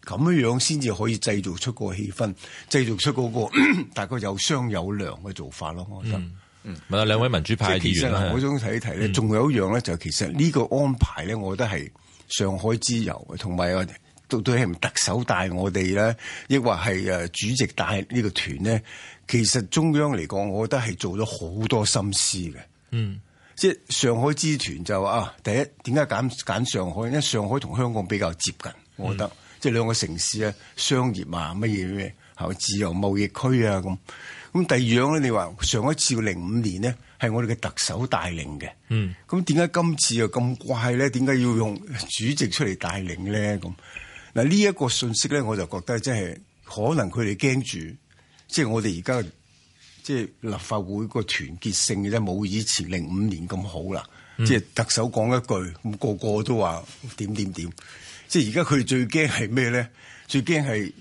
咁樣樣先至可以製造出個氣氛，製造出個 <coughs> 大概有商有量嘅做法咯，我覺得、嗯。嗯，咪兩位民主派議員咧，我想、嗯、提一提咧，仲、嗯、有一樣咧，就係、其實呢個安排咧，我覺得係上海之遊，同埋啊，到底係唔特首帶我哋咧，亦或係誒主席帶呢個團咧？其實中央嚟講，我覺得係做咗好多心思嘅。嗯，即係上海之團就話啊，第一點解揀揀上海？因為上海同香港比較接近，嗯、我覺得即係兩個城市啊，商業啊，乜嘢咩，係自由貿易區啊咁？咁第二樣咧，你話上一次零五年咧，係我哋嘅特首帶領嘅。嗯。咁點解今次又咁怪咧？點解要用主席出嚟帶領咧？咁嗱，呢一個信息咧，我就覺得真係可能佢哋驚住，即係我哋而家即係立法會個團結性嘅啫，冇以前零五年咁好啦。即係、嗯、特首講一句，咁個個都話點點點。即係而家佢最驚係咩咧？最驚係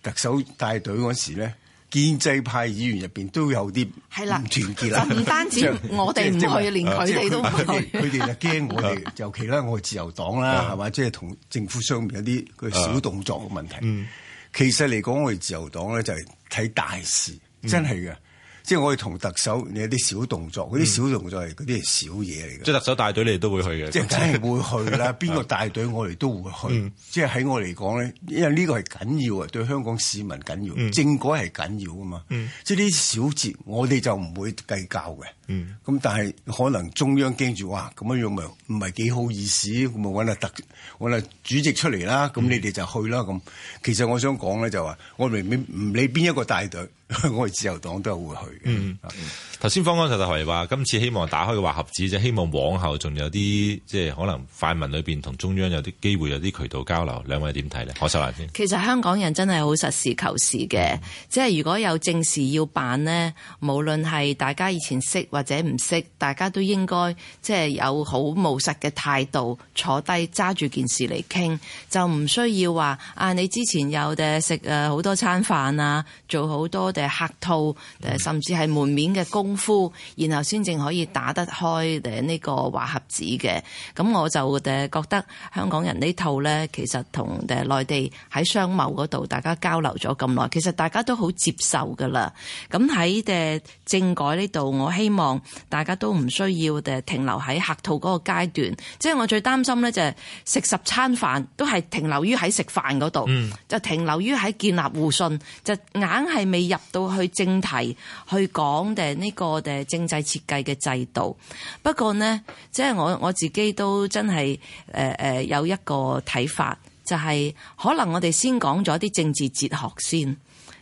特首帶隊嗰時咧。建制派議員入邊都有啲，係啦，唔團結啦，就唔單止我哋唔去， <laughs> 就是就是、連佢哋都唔去。佢哋就驚 <laughs> 我哋，尤其咧我哋自由黨啦，係嘛， <laughs> 即係同政府上面有啲佢小動作嘅問題。 <laughs> 其實嚟講，我哋自由黨咧就係睇大事，真係嘅。 <laughs> 即係我哋同特首你有啲小動作，嗰啲、嗯、小動作係嗰啲係小嘢嚟嘅。即係特首帶隊，你哋都會去嘅。即係梗係會去啦，邊 <laughs> 個帶隊我哋都會去。嗯、即係喺我嚟講咧，因為呢個係緊要啊，對香港市民緊要，政改係緊要噶嘛。嗯、即係啲小節，我哋就唔會計較嘅。咁、嗯、但係可能中央驚住哇，咁樣樣咪唔係幾好意思，咁咪揾下特揾下主席出嚟啦。咁你哋就去啦。咁、嗯、其實我想講咧，就話我明明唔理邊一個帶隊。我哋自由黨都有會去嘅。頭先、嗯嗯、方剛就就係話，今次希望打開個話匣子，就希望往後仲有啲即係可能泛民裏邊同中央有啲機會、有啲渠道交流。兩位點睇呢？何秀蘭先。其實香港人真係好實事求是、嗯、是嘅，即係如果有正事要辦呢，無論係大家以前識或者唔識，大家都應該即係有好務實嘅態度，坐低揸住件事嚟傾，就唔需要話啊你之前有誒食誒好多餐飯啊，做好多。誒，客套誒，甚至係門面嘅功夫，嗯、然後先至可以打得開誒呢個話匣子嘅。咁我就誒覺得香港人呢套咧，其實同誒內地喺商貿嗰度，大家交流咗咁耐，其實大家都好接受噶啦。咁喺誒政改呢度，我希望大家都唔需要誒停留喺客套嗰個階段。即係我最擔心咧，就係食十餐飯都係停留於喺食飯嗰度，嗯、就停留於喺建立互信，就硬係未入。到去正題去講誒呢個誒政制設計嘅制度，不過呢，即係我我自己都真係誒、呃、有一個睇法，就係、是、可能我哋先講咗啲政治哲學先，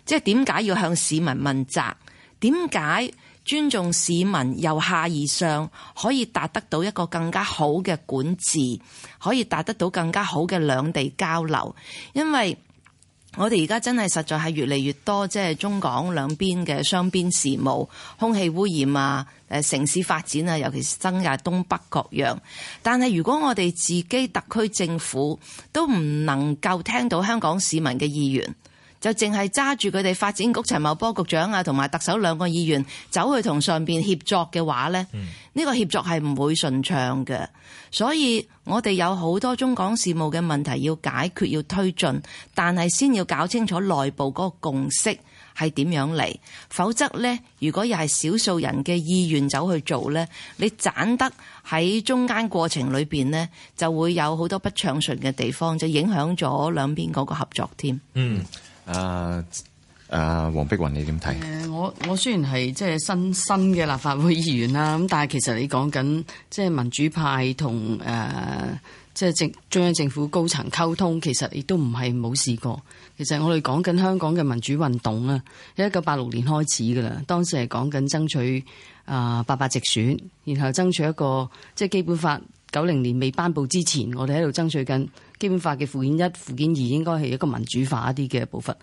即係點解要向市民問責？點解尊重市民由下而上可以達得到一個更加好嘅管治，可以達得到更加好嘅兩地交流？因為我哋而家真係實在係越嚟越多，即係中港兩邊嘅雙邊事務、空氣污染啊、誒城市發展啊，尤其是增加東北各樣。但係如果我哋自己特區政府都唔能夠聽到香港市民嘅意願。就淨係揸住佢哋發展局陳茂波局長啊，同埋特首兩個議員走去同上邊協作嘅話呢，呢、嗯、個協作係唔會順暢嘅。所以，我哋有好多中港事務嘅問題要解決，要推進，但係先要搞清楚內部嗰個共識係點樣嚟。否則呢，如果又係少數人嘅意願走去做呢，你斬得喺中間過程裏邊呢，就會有好多不暢順嘅地方，就影響咗兩邊嗰個合作添。嗯。啊啊，黃、uh, uh, 碧雲，你點睇？誒、呃，我我雖然係即係新新嘅立法會議員啦，咁但係其實你講緊即係民主派同誒即係政中央政府高層溝通，其實亦都唔係冇試過。其實我哋講緊香港嘅民主運動啦，一九八六年開始噶啦，當時係講緊爭取啊八八直選，然後爭取一個即係、就是、基本法九零年未頒布之前，我哋喺度爭取緊。基本法嘅附件一、附件二應該係一個民主化一啲嘅步伐。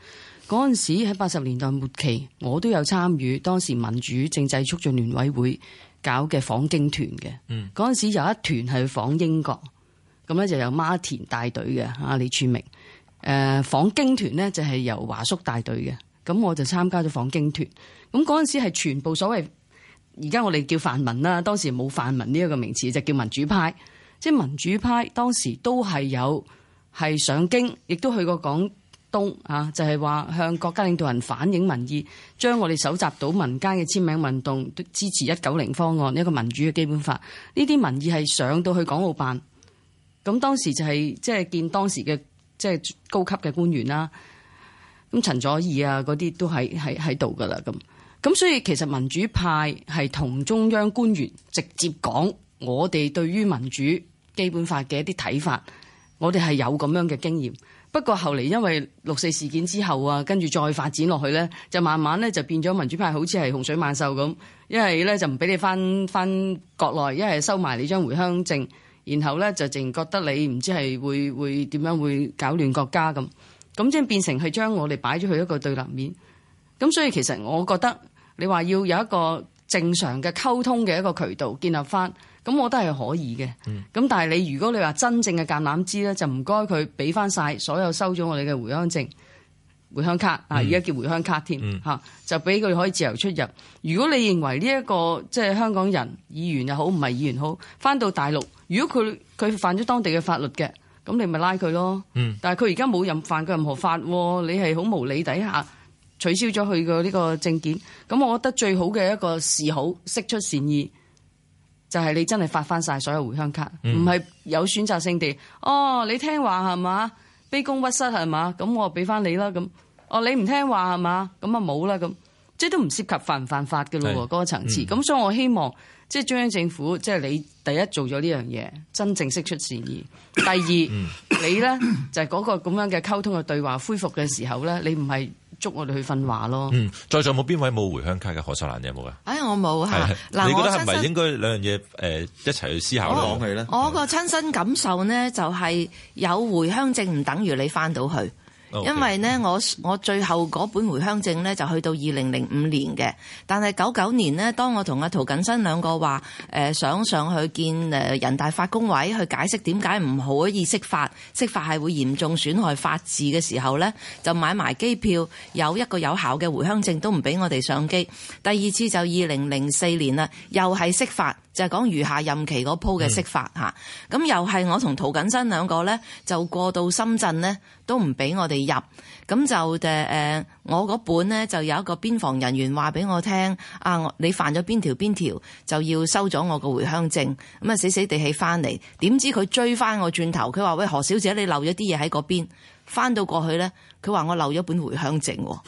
嗰陣時喺八十年代末期，我都有參與當時民主政制促進聯委會搞嘅訪京團嘅。嗰陣、嗯、時有一團係去訪英國，咁咧就由馬田帶隊嘅阿李柱銘。誒、啊呃，訪京團呢，就係由華叔帶隊嘅。咁我就參加咗訪京團。咁嗰陣時係全部所謂而家我哋叫泛民啦，當時冇泛民呢一個名詞，就叫民主派。即民主派當時都係有係上京，亦都去過廣東啊，就係、是、話向國家領導人反映民意，將我哋搜集到民間嘅簽名運動，都支持一九零方案，一個民主嘅基本法。呢啲民意係上到去港澳辦，咁當時就係即係見當時嘅即係高級嘅官員啦，咁、啊、陳佐洱啊嗰啲都喺喺喺度噶啦，咁咁所以其實民主派係同中央官員直接講，我哋對於民主，基本法嘅一啲睇法，我哋係有咁樣嘅經驗。不過後嚟因為六四事件之後啊，跟住再發展落去咧，就慢慢咧就變咗民主派好似係洪水猛獸咁。一係咧就唔俾你翻翻國內，一係收埋你張回鄉證，然後咧就淨覺得你唔知係會會點樣會搞亂國家咁。咁即係變成係將我哋擺咗去一個對立面。咁所以其實我覺得，你話要有一個正常嘅溝通嘅一個渠道，建立翻。咁我覺得係可以嘅，咁但係你如果你話真正嘅橄諗枝咧，就唔該佢俾翻晒所有收咗我哋嘅回鄉證、回鄉卡、嗯、啊，而家叫回鄉卡添、嗯啊、就俾佢可以自由出入。如果你認為呢、這、一個即係、就是、香港人議員又好，唔係議員好，翻到大陸，如果佢佢犯咗當地嘅法律嘅，咁你咪拉佢咯。嗯、但係佢而家冇任犯過任何法，你係好無理底下取消咗佢個呢個證件。咁我覺得最好嘅一個示好，釋出善意。就係你真係發翻晒所有回鄉卡，唔係有選擇性地、嗯、哦。你聽話係嘛？卑躬屈膝係嘛？咁我俾翻你啦。咁哦，你唔聽話係嘛？咁啊冇啦。咁即係都唔涉及犯唔犯法嘅咯嗰個層次。咁、嗯、所以我希望即係中央政府，即係你第一做咗呢樣嘢，真正釋出善意。第二，嗯、你咧就係、是、嗰個咁樣嘅溝通嘅對話，恢復嘅時候咧，你唔係。捉我哋去訓話咯。嗯，在座有冇邊位冇回鄉卡嘅？何秀蘭有冇啊？唉、哎，我冇嚇。嗱的，啦你覺得係咪應該兩樣嘢誒、呃、一齊去思考講佢咧？我個親身感受咧，就係、是、有回鄉證唔等於你翻到去。因為呢，我我最後嗰本回鄉證呢，就去到二零零五年嘅。但係九九年呢，當我同阿涂謹申兩個話、呃、想上去見人大法工委去解釋點解唔可以釋法，釋法係會嚴重損害法治嘅時候呢，就買埋機票，有一個有效嘅回鄉證都唔俾我哋上機。第二次就二零零四年啦，又係釋法，就係、是、講餘下任期嗰鋪嘅釋法咁、嗯啊、又係我同涂謹申兩個呢，就過到深圳呢。都唔俾我哋入，咁就誒、呃、我嗰本咧就有一個邊防人員話俾我聽，啊，你犯咗邊條邊條，就要收咗我個回鄉證，咁啊死死地起翻嚟，點知佢追翻我轉頭，佢話，喂，何小姐，你漏咗啲嘢喺嗰邊，翻到過去咧，佢話我漏咗本回鄉證、哦。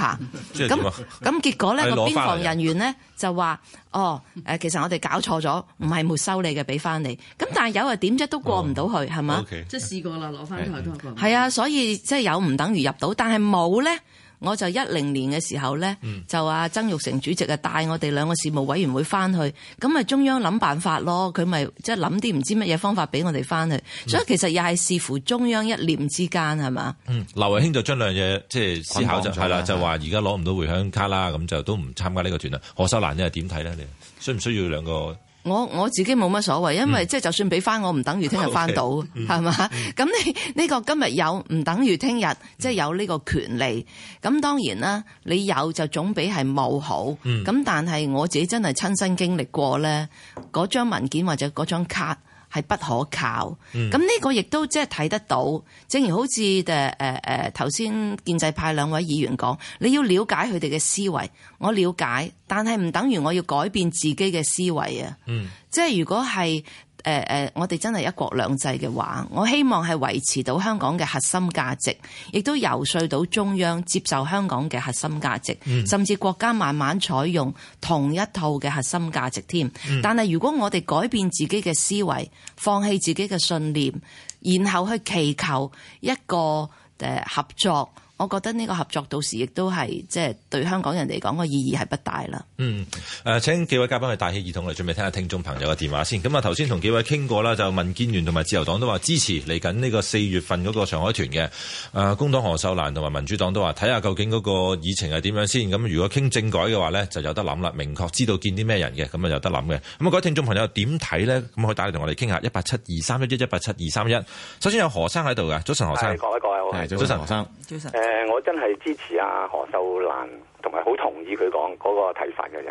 吓，咁咁結果咧，個 <laughs> 邊防人員咧就話：哦、呃，其實我哋搞錯咗，唔係沒收你嘅，俾翻你。咁但係有啊，點啫都過唔到去，係嘛？Okay，即係試過啦，攞翻台都過唔到。係啊，所以即係有唔等於入到，但係冇咧。我就一零年嘅時候咧，就阿曾鈺成主席啊帶我哋兩個事務委員會翻去，咁咪中央諗辦法咯，佢咪即係諗啲唔知乜嘢方法俾我哋翻去，所以其實又係視乎中央一念之間係嘛？嗯，劉慧卿就將兩嘢即係思考就係啦，就話而家攞唔到回鄉卡啦，咁就都唔參加呢個團啦。何秀蘭係點睇咧？你需唔需要兩個？我我自己冇乜所謂，因為即係就算俾翻我，唔等於聽日翻到，係嘛、oh, okay.？咁你呢個今日有，唔等於聽日即係有呢個權利。咁當然啦，你有就總比係冇好。咁、mm. 但係我自己真係親身經歷過咧，嗰張文件或者嗰張卡。係不可靠，咁呢個亦都即係睇得到。嗯、正如好似誒誒誒頭先建制派兩位議員講，你要了解佢哋嘅思維，我了解，但係唔等於我要改變自己嘅思維啊。嗯、即係如果係。呃呃、我哋真係一國兩制嘅話，我希望係維持到香港嘅核心價值，亦都游說到中央接受香港嘅核心價值，嗯、甚至國家慢慢採用同一套嘅核心價值添。但係如果我哋改變自己嘅思維，放棄自己嘅信念，然後去祈求一個呃合作。我覺得呢個合作到時亦都係即係對香港人嚟講，個意義係不大啦。嗯，誒請幾位嘉賓去帶起耳筒嚟，來準備聽下聽眾朋友嘅電話先。咁啊頭先同幾位傾過啦，就民建聯同埋自由黨都話支持嚟緊呢個四月份嗰個上海團嘅。誒、呃、工黨何秀蘭同埋民主黨都話睇下究竟嗰個議程係點樣先。咁如果傾政改嘅話呢，就有得諗啦，明確知道見啲咩人嘅，咁啊有得諗嘅。咁啊各位聽眾朋友點睇呢？咁可以打嚟同我哋傾下一八七二三一一一八七二三一。首先有何生喺度嘅，早晨何生。各位各位，早晨的安何生。早晨安。Uh, 誒、呃，我真係支持阿、啊、何秀蘭，同埋好同意佢講嗰個睇法嘅啫。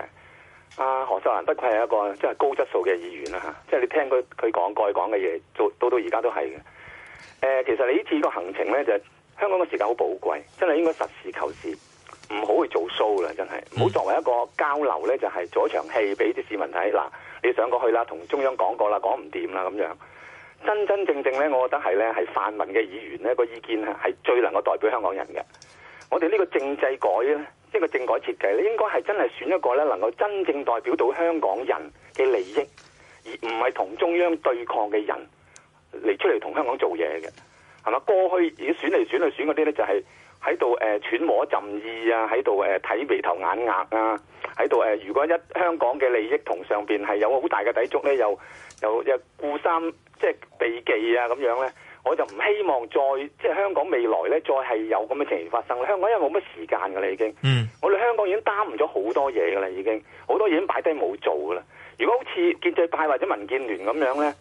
阿、啊、何秀蘭不愧係一個即係高質素嘅議員啦、啊，即係你聽佢佢講、蓋講嘅嘢，到到到而家都係嘅。誒、啊，其實你呢次這個行程咧，就香港嘅時間好寶貴，真係應該實事求是，唔好去做 show 啦，真係。唔好作為一個交流咧，就係、是、做一場戲俾啲市民睇。嗱、啊，你上過去啦，同中央講過啦，講唔掂啦，咁樣。真真正正咧，我覺得係咧，係泛民嘅議員呢個意見係最能夠代表香港人嘅。我哋呢個政制改咧，呢、呢個政改設計咧，應該係真係選一個咧能夠真正代表到香港人嘅利益，而唔係同中央對抗嘅人嚟出嚟同香港做嘢嘅，係嘛？過去已經選嚟選去選嗰啲咧，就係喺度誒揣摩朕意啊，喺度誒睇眉頭眼額啊，喺度誒如果一香港嘅利益同上邊係有好大嘅抵觸咧，又又又顧三。即係避忌啊咁樣咧，我就唔希望再即係香港未來咧再係有咁嘅情形發生。香港因為冇乜時間噶啦，已經，嗯，我哋香港已經擔唔咗好多嘢噶啦，已經好多嘢已經擺低冇做噶啦。如果好似建制派或者民建聯咁樣咧，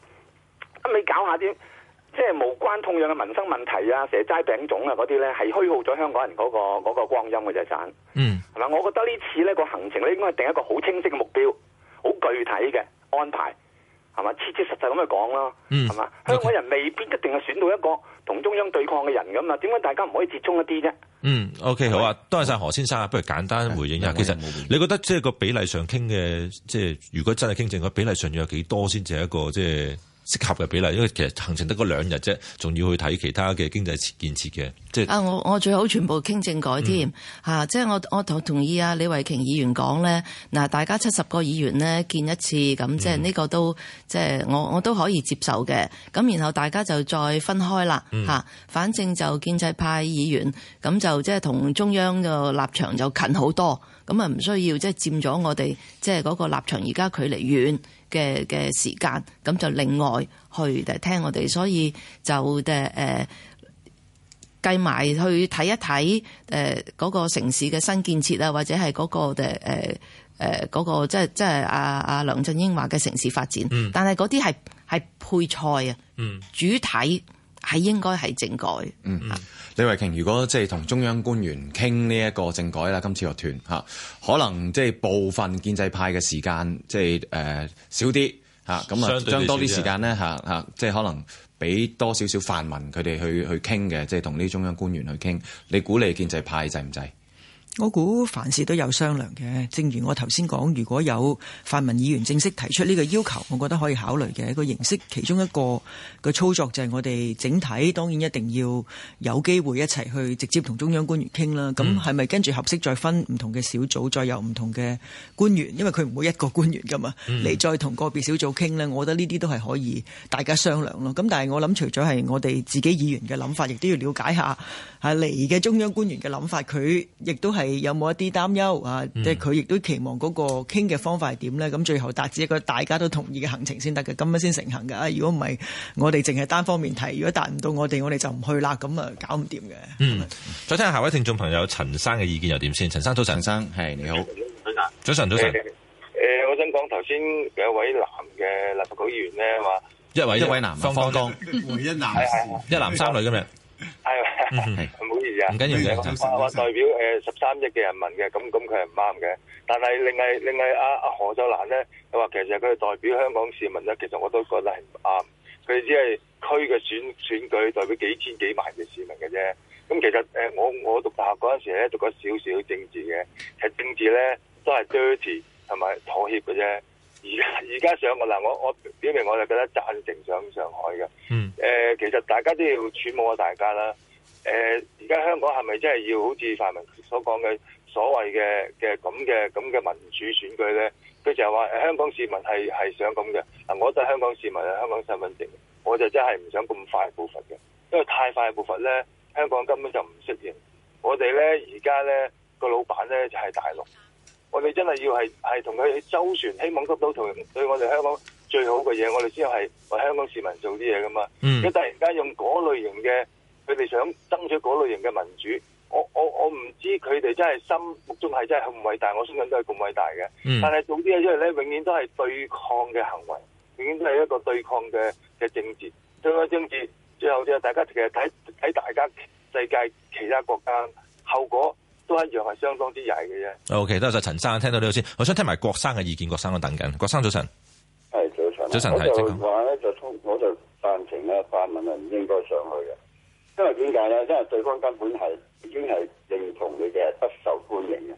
你搞一味搞下啲即係無關痛癢嘅民生問題啊、蛇齋餅粽啊嗰啲咧，係虛耗咗香港人嗰個嗰個光陰嘅就盞。嗯，係咪？我覺得呢次呢次咧個行程咧應該定一個好清晰嘅目標，好具體嘅安排。係嘛，切切實實咁去講咯，係嘛，香港人未必一定係選到一個同中央對抗嘅人噶嘛，點解大家唔可以折中一啲啫？嗯，OK 好啊，多謝晒何先生啊，不如簡單回應一下，其實你覺得即係個比例上傾嘅，即係如果真係傾正嘅比例上要有幾多先至係一個即係？適合嘅比例，因為其實行程得嗰兩日啫，仲要去睇其他嘅經濟建設嘅，即係啊，我我最好全部傾政改添嚇，嗯、即係我我同同意啊李慧瓊議員講咧，嗱大家七十個議員咧見一次，咁即係呢個都即係我我都可以接受嘅，咁然後大家就再分開啦嚇，反正就建制派議員咁就即係同中央嘅立場就近好多。咁啊，唔需要即係佔咗我哋即係嗰個立場，而家距離遠嘅嘅時間，咁就另外去聽我哋，所以就誒誒計埋去睇一睇誒嗰個城市嘅新建設啊，或者係嗰個誒誒誒嗰個即係即係阿阿梁振英話嘅城市發展，嗯、但係嗰啲係係配菜啊，嗯，主體。係應該係政改。嗯，李慧瓊，如果即係同中央官員傾呢一個政改啦，今次個團可能即係部分建制派嘅時間，即係誒少啲咁啊，將多啲時間咧即係可能俾多少少泛民佢哋去去傾嘅，即係同啲中央官員去傾。你鼓勵建制派制唔制？要我估凡事都有商量嘅，正如我頭先講，如果有泛民議員正式提出呢個要求，我覺得可以考慮嘅一個形式。其中一個嘅操作就係我哋整體當然一定要有機會一齊去直接同中央官員傾啦。咁係咪跟住合適再分唔同嘅小組再有唔同嘅官員，因為佢唔會一個官員噶嘛，嚟、嗯、再同個別小組傾咧。我覺得呢啲都係可以大家商量咯。咁但係我諗除咗係我哋自己議員嘅諗法，亦都要了解下啊嚟嘅中央官員嘅諗法，佢亦都係。有冇一啲擔憂啊？即係佢亦都期望嗰個傾嘅方法係點咧？咁最後達至一個大家都同意嘅行程先得嘅，咁樣先成行嘅。啊，如果唔係，我哋淨係單方面提，如果達唔到我哋，我哋就唔去啦。咁啊，搞唔掂嘅。嗯，嗎再聽下下位聽眾朋友陳生嘅意見又點先？陳生早晨，陳生係你好，早晨早晨。誒、欸，我想講頭先有一位男嘅立法會議員咧話，一位一位男、啊、方剛，方剛一男 <laughs> 一男三女咁樣係。的唔緊要嘅，代表誒十三億嘅人民嘅，咁咁佢係唔啱嘅。但係另外，另外阿阿何秀蘭咧，佢話其實佢係代表香港市民咧，其實我都覺得係唔啱。佢只係區嘅選選舉代表幾千幾萬嘅市民嘅啫。咁其實誒、呃，我我讀大學嗰陣時咧，讀咗少少政治嘅，係政治咧都係 dirty 同埋妥協嘅啫。而而家上個嗱、呃，我我表明我就覺得贊成上上海嘅。嗯，誒、呃，其實大家都要揣摩下大家啦。誒，而家香港係咪真係要好似范文傑所講嘅所謂嘅嘅咁嘅咁嘅民主選舉咧？佢就係話，香港市民係係想咁嘅。嗱，我作為香港市民啊，香港身份證，我就真係唔想咁快步伐嘅，因為太快步伐咧，香港根本就唔適應。我哋咧而家咧個老闆咧就係大陸，我哋真係要係係同佢去周旋，希望得到對對我哋香港最好嘅嘢，我哋先係為香港市民做啲嘢噶嘛。嗯，咁突然間用嗰類型嘅。佢哋想爭取嗰類型嘅民主，我我我唔知佢哋真係心目中係真係咁偉大，我相信都係咁偉大嘅。嗯、但係總之咧因為咧永遠都係對抗嘅行為，永遠都係一個對抗嘅嘅政治，對抗政治最後就大家其實睇睇大家世界其他國家，後果都一樣係相當之曳嘅啫。OK，多謝陳生，聽到呢度先，我想聽埋郭生嘅意見。郭生我等緊，郭生早晨。係早晨，早晨係早晨。我就話咧，就我就贊成咧，泛民係唔應該上去嘅。因為點解咧？因為對方根本係已經係認同你哋係不受歡迎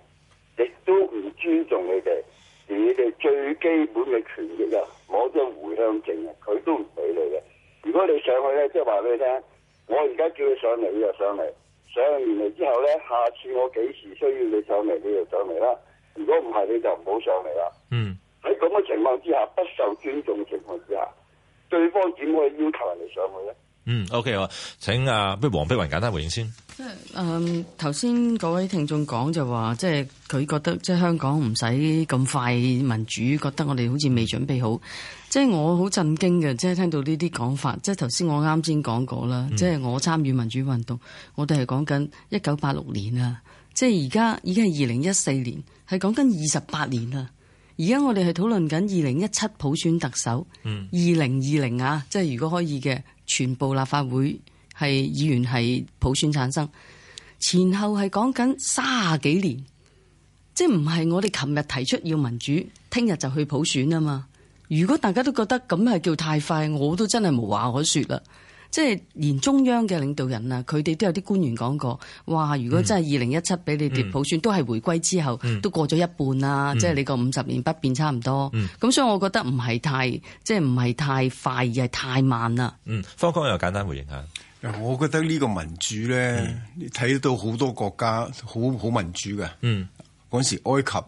嘅，亦都唔尊重你哋，連你哋最基本嘅權益啊，冇咗回鄉證啊，佢都唔俾你嘅。如果你上去咧，即係話俾你聽，我而家叫你上嚟，你就上嚟。上去完嚟之後咧，下次我幾時需要你上嚟，你就上嚟啦。如果唔係，你就唔好上嚟啦。嗯，喺咁嘅情況之下，不受尊重嘅情況之下，對方點可以要求人哋上去咧？嗯，OK 啊，請啊，不如黃碧雲簡單回應先。即係誒，頭先嗰位聽眾講就話，即係佢覺得即係香港唔使咁快民主，覺得我哋好似未準備好。即係我好震驚嘅，即係聽到呢啲講法。即係頭先我啱先講過啦，即係我參與民主運動，嗯、我哋係講緊一九八六年啊，即係而家已經係二零一四年，係講緊二十八年啦。而家我哋係討論緊二零一七普選特首，嗯、二零二零啊，即係如果可以嘅。全部立法會係議員係普選產生，前後係講緊三十幾年，即係唔係我哋琴日提出要民主，聽日就去普選啊嘛？如果大家都覺得咁係叫太快，我都真係無話可說啦。即係連中央嘅領導人啊，佢哋都有啲官員講過，哇！如果真係二零一七俾你哋普選，嗯、都係回歸之後、嗯、都過咗一半啦，嗯、即係你個五十年不變差唔多。咁、嗯、所以我覺得唔係太即係唔係太快，而係太慢啦、嗯。方剛又簡單回應下，我覺得呢個民主咧，嗯、你睇到好多國家好好民主嘅。嗰、嗯、時埃及。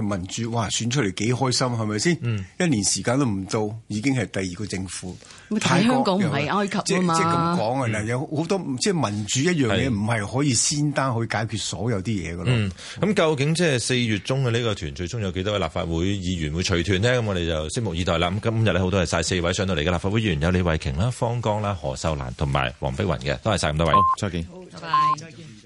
民主哇，選出嚟幾開心，係咪先？嗯、一年時間都唔到，已經係第二個政府。睇香港唔係國埃及即係咁講啊，嗱，嗯、有好多即民主一樣嘢，唔係、嗯、可以先單去解決所有啲嘢㗎喇。咁、嗯嗯、究竟即係四月中嘅呢個團，最終有幾多位立法會議員會隨團呢？咁我哋就拭目以待啦。咁今日咧，好多謝晒四位上到嚟嘅立法會議員，有李慧瓊啦、方剛啦、何秀蘭同埋黃碧雲嘅，多謝晒咁多位好。再見。